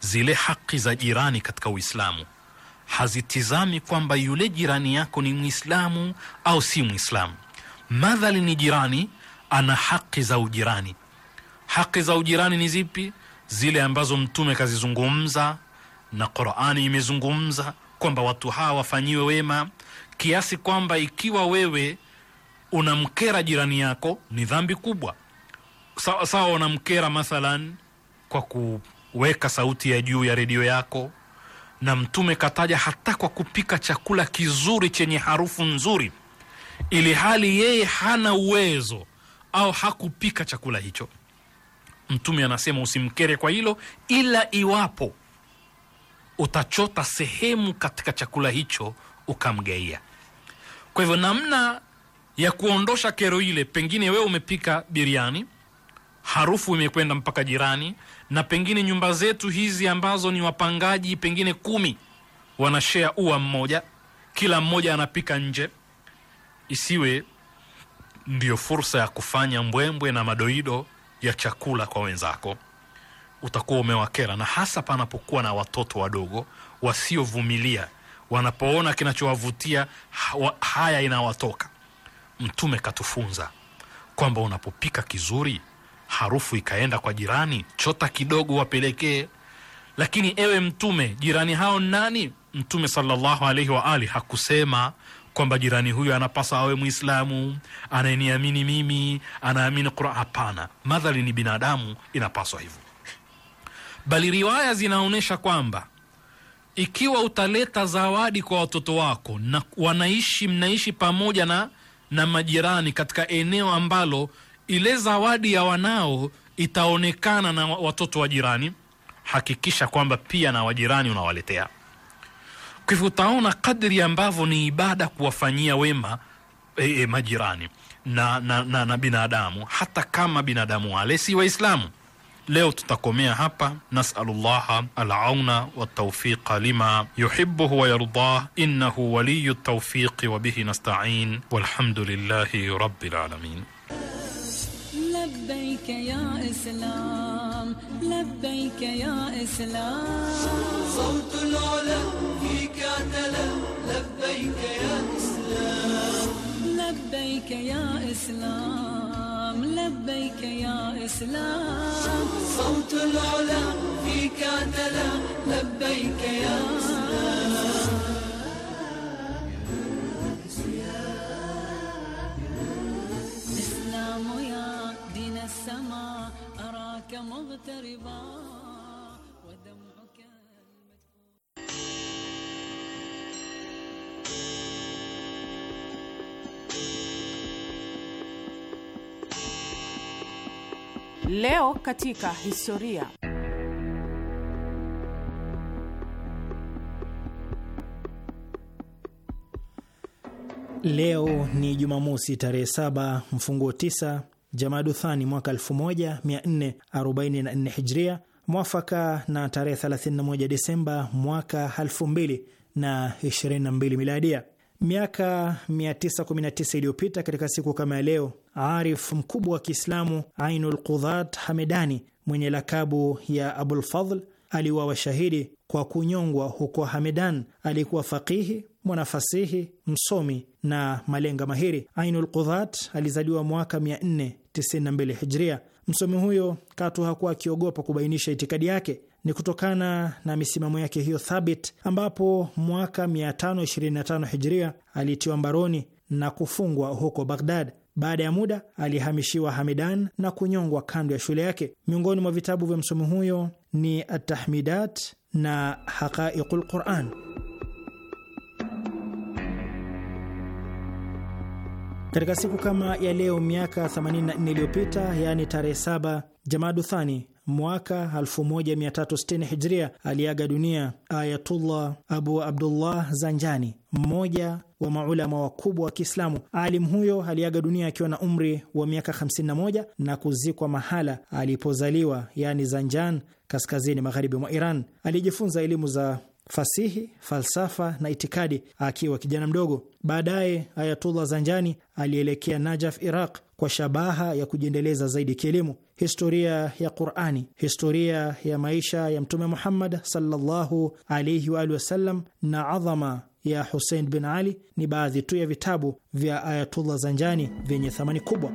Speaker 7: zile haki za jirani katika Uislamu hazitizami kwamba yule jirani yako ni mwislamu au si mwislamu madhali ni jirani ana haki za ujirani haki za ujirani ni zipi zile ambazo mtume kazizungumza na qurani imezungumza kwamba watu hawa wafanyiwe wema kiasi kwamba ikiwa wewe unamkera jirani yako ni dhambi kubwa sawa sawa unamkera mathalan kwa kuweka sauti ya juu ya redio yako na Mtume kataja hata kwa kupika chakula kizuri chenye harufu nzuri, ili hali yeye hana uwezo au hakupika chakula hicho. Mtume anasema usimkere kwa hilo, ila iwapo utachota sehemu katika chakula hicho ukamgeia. Kwa hivyo namna ya kuondosha kero ile, pengine wewe umepika biriani, harufu imekwenda mpaka jirani na pengine nyumba zetu hizi ambazo ni wapangaji pengine kumi wanashea ua mmoja, kila mmoja anapika nje, isiwe ndiyo fursa ya kufanya mbwembwe na madoido ya chakula kwa wenzako. Utakuwa umewakera, na hasa panapokuwa na watoto wadogo wasiovumilia, wanapoona kinachowavutia haya inawatoka. Mtume katufunza kwamba unapopika kizuri harufu ikaenda kwa jirani, chota kidogo wapelekee. Lakini ewe Mtume, jirani hao nani? Mtume sallallahu alaihi wa ali hakusema kwamba jirani huyo anapasa awe Mwislamu, anayeniamini mimi, anaamini Qur'an. Hapana, madhali ni binadamu, inapaswa hivyo. Bali riwaya zinaonyesha kwamba ikiwa utaleta zawadi kwa watoto wako na wanaishi mnaishi pamoja na na majirani katika eneo ambalo ile zawadi ya wanao itaonekana na watoto wa jirani, hakikisha kwamba pia na wajirani unawaletea. Kwa hivyo utaona kadri ambavyo ni ibada kuwafanyia wema e, e, majirani na, na, na, na binadamu, hata kama binadamu wale si Waislamu. Leo tutakomea hapa. Nasalullaha alauna waltaufiqa lima yuhibuhu wayardah innahu waliyu ltaufiqi wabihi nastain walhamdulillahi rabbil alamin.
Speaker 8: لبيك يا إسلام لبيك يا إسلام صوت العلا فيك اعتلى لبيك يا إسلام لبيك يا إسلام لبيك يا إسلام صوت العلا فيك اعتلى لبيك يا إسلام
Speaker 3: Leo katika historia.
Speaker 9: Leo ni Jumamosi tarehe 7 mfunguo 9 Jamaduthani mwaka 1444 Hijria, mwafaka na tarehe 31 Desemba mwaka 2022 Miladia. Miaka 919 iliyopita katika siku kama ya leo, arif mkubwa wa Kiislamu Ainul Qudhat Hamedani mwenye lakabu ya abulfadl aliuawa shahidi kwa kunyongwa huko Hamedan. Alikuwa faqihi, mwanafasihi, msomi na malenga mahiri. Ainul Qudhat alizaliwa mwaka 400 92 Hijria. Msomi huyo katu hakuwa akiogopa kubainisha itikadi yake. Ni kutokana na misimamo yake hiyo thabit, ambapo mwaka 525 Hijria alitiwa mbaroni na kufungwa huko Baghdad. Baada ya muda alihamishiwa Hamidan na kunyongwa kando ya shule yake. Miongoni mwa vitabu vya msomi huyo ni Atahmidat na Haqaiqul Quran. Katika siku kama ya leo miaka 84 iliyopita, yaani tarehe saba Jamadu Thani mwaka 1360 Hijria, aliaga dunia Ayatullah Abu Abdullah Zanjani, mmoja wa maulama wakubwa wa Kiislamu. Alim huyo aliaga dunia akiwa na umri wa miaka 51 na kuzikwa mahala alipozaliwa, yaani Zanjan, kaskazini magharibi mwa Iran. Alijifunza elimu za fasihi, falsafa na itikadi akiwa kijana mdogo. Baadaye Ayatullah Zanjani alielekea Najaf, Iraq, kwa shabaha ya kujiendeleza zaidi kielimu. Historia ya Qurani, historia ya maisha ya Mtume Muhammad sallallahu alaihi wa alihi wasallam na adhama ya Husein bin Ali ni baadhi tu ya vitabu vya Ayatullah Zanjani vyenye thamani kubwa.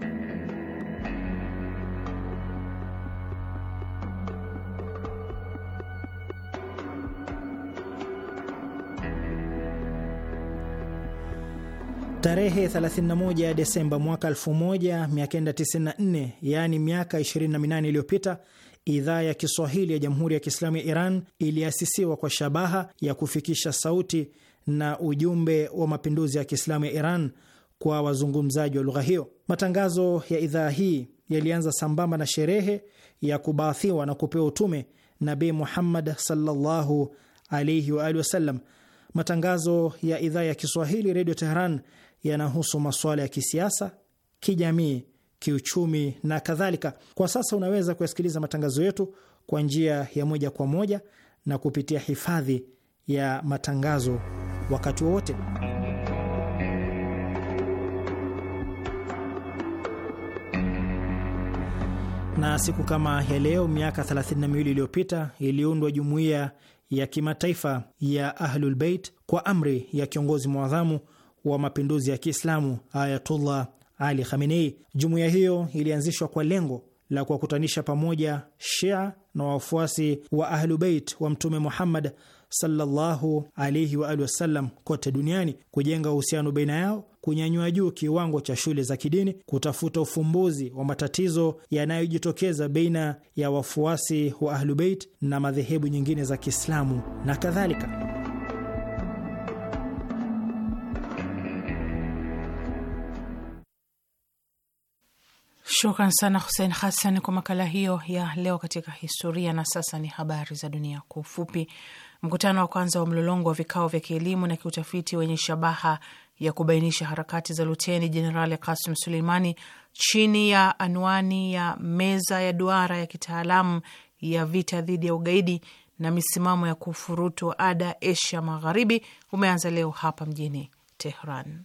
Speaker 9: Tarehe 31 Desemba mwaka 1994, yaani miaka 28 iliyopita, idhaa ya Kiswahili ya Jamhuri ya Kiislamu ya Iran iliasisiwa kwa shabaha ya kufikisha sauti na ujumbe wa mapinduzi ya Kiislamu ya Iran kwa wazungumzaji wa lugha hiyo. Matangazo ya idhaa hii yalianza sambamba na sherehe ya kubaathiwa na kupewa utume Nabii Muhammad sallallahu alaihi wa alihi wasallam. Matangazo ya idhaa ya Kiswahili Redio Teheran yanahusu masuala ya kisiasa, kijamii, kiuchumi na kadhalika. Kwa sasa unaweza kuyasikiliza matangazo yetu kwa njia ya moja kwa moja na kupitia hifadhi ya matangazo wakati wowote. Na siku kama ya leo miaka 32 iliyopita iliundwa jumuiya ya kimataifa ya Ahlulbeit kwa amri ya kiongozi mwadhamu wa mapinduzi ya Kiislamu Ayatullah Ali Khamenei. Jumuiya hiyo ilianzishwa kwa lengo la kuwakutanisha pamoja Shia na wafuasi wa Ahlubeit wa Mtume Muhammad sallallahu alaihi wa alihi wasallam kote duniani, kujenga uhusiano baina yao, kunyanyua juu kiwango cha shule za kidini, kutafuta ufumbuzi wa matatizo yanayojitokeza baina ya wafuasi wa Ahlubeit na madhehebu nyingine za Kiislamu na kadhalika.
Speaker 3: Shukran sana Husein Hassan kwa makala hiyo ya leo katika historia. Na sasa ni habari za dunia kwa ufupi. Mkutano wa kwanza wa mlolongo wa vikao vya kielimu na kiutafiti wenye shabaha ya kubainisha harakati za Luteni Jenerali Kasim Suleimani chini ya anwani ya meza ya duara ya kitaalamu ya vita dhidi ya ugaidi na misimamo ya kufurutu ada Asia Magharibi umeanza leo hapa mjini Tehran.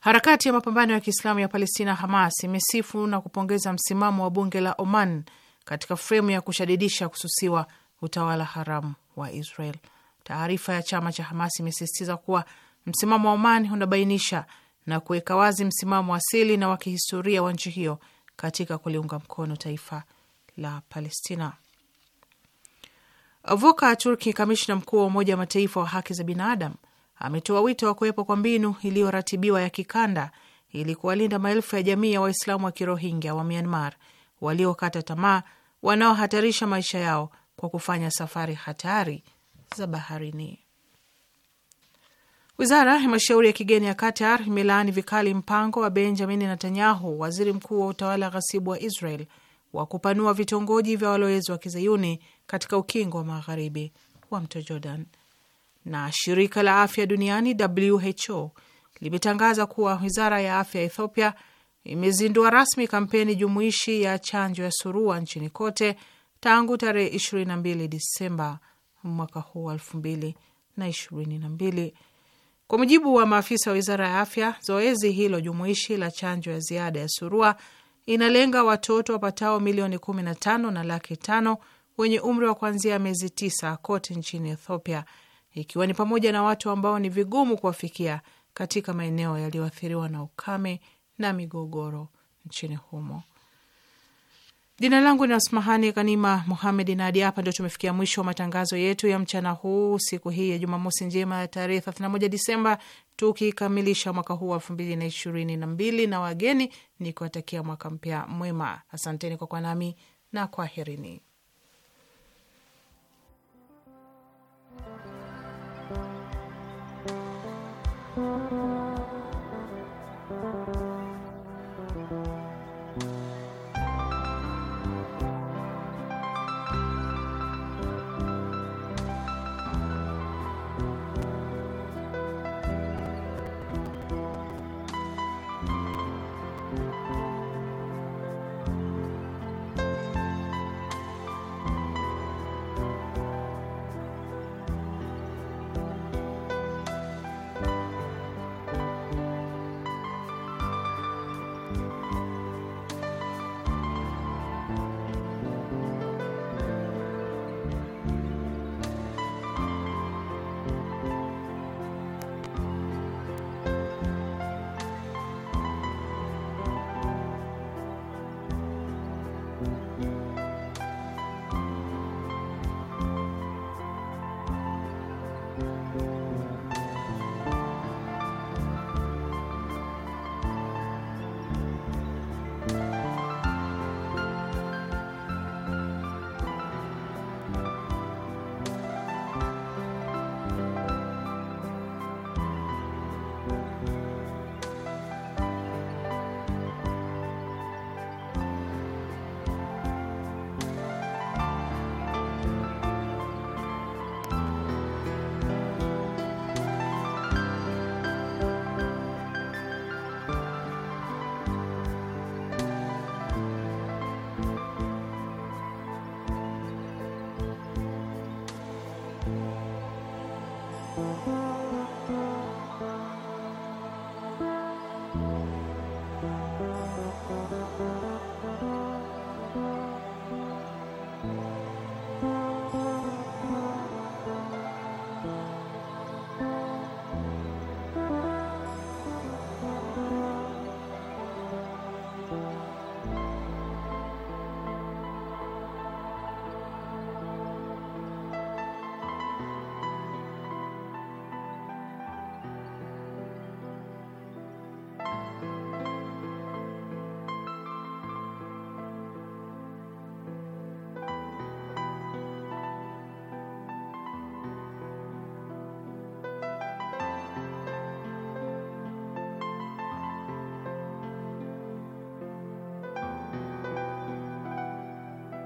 Speaker 3: Harakati ya mapambano ya Kiislamu ya Palestina, Hamas, imesifu na kupongeza msimamo wa bunge la Oman katika fremu ya kushadidisha kususiwa utawala haramu wa Israel. Taarifa ya chama cha Hamas imesisitiza kuwa msimamo wa Oman unabainisha na kuweka wazi msimamo asili na wa kihistoria wa nchi hiyo katika kuliunga mkono taifa la Palestina. Vuka Turki, kamishna mkuu wa Umoja wa Mataifa wa haki za binadamu ametoa wito wa kuwepo kwa mbinu iliyoratibiwa ya kikanda ili kuwalinda maelfu ya jamii ya Waislamu wa Kirohingya wa Myanmar waliokata tamaa, wanaohatarisha maisha yao kwa kufanya safari hatari za baharini. Wizara ya mashauri ya kigeni ya Qatar imelaani vikali mpango wa Benjamin Netanyahu, waziri mkuu wa utawala ghasibu wa Israel, wa kupanua vitongoji vya walowezi wa kizayuni katika ukingo wa magharibi wa mto Jordan na shirika la afya duniani WHO limetangaza kuwa wizara ya afya ya Ethiopia imezindua rasmi kampeni jumuishi ya chanjo ya surua nchini kote tangu tarehe 22 Disemba mwaka huu 2022. Kwa mujibu wa maafisa wa wizara ya afya, zoezi hilo jumuishi la chanjo ya ziada ya surua inalenga watoto wapatao milioni 15 na laki tano wenye umri wa kuanzia miezi 9 kote nchini Ethiopia ikiwa ni pamoja na watu ambao ni vigumu kuwafikia katika maeneo yaliyoathiriwa na ukame na migogoro nchini humo. Jina langu ni Asmahani Ghanima Muhamed, na hadi hapa ndio tumefikia mwisho wa matangazo yetu ya mchana huu, siku hii ya Jumamosi njema ya tarehe 31 Disemba, tukikamilisha mwaka huu wa elfu mbili na ishirini na mbili na wageni, ni kuwatakia mwaka mpya mwema. Asanteni kwa kuwa nami na kwaherini.
Speaker 8: Música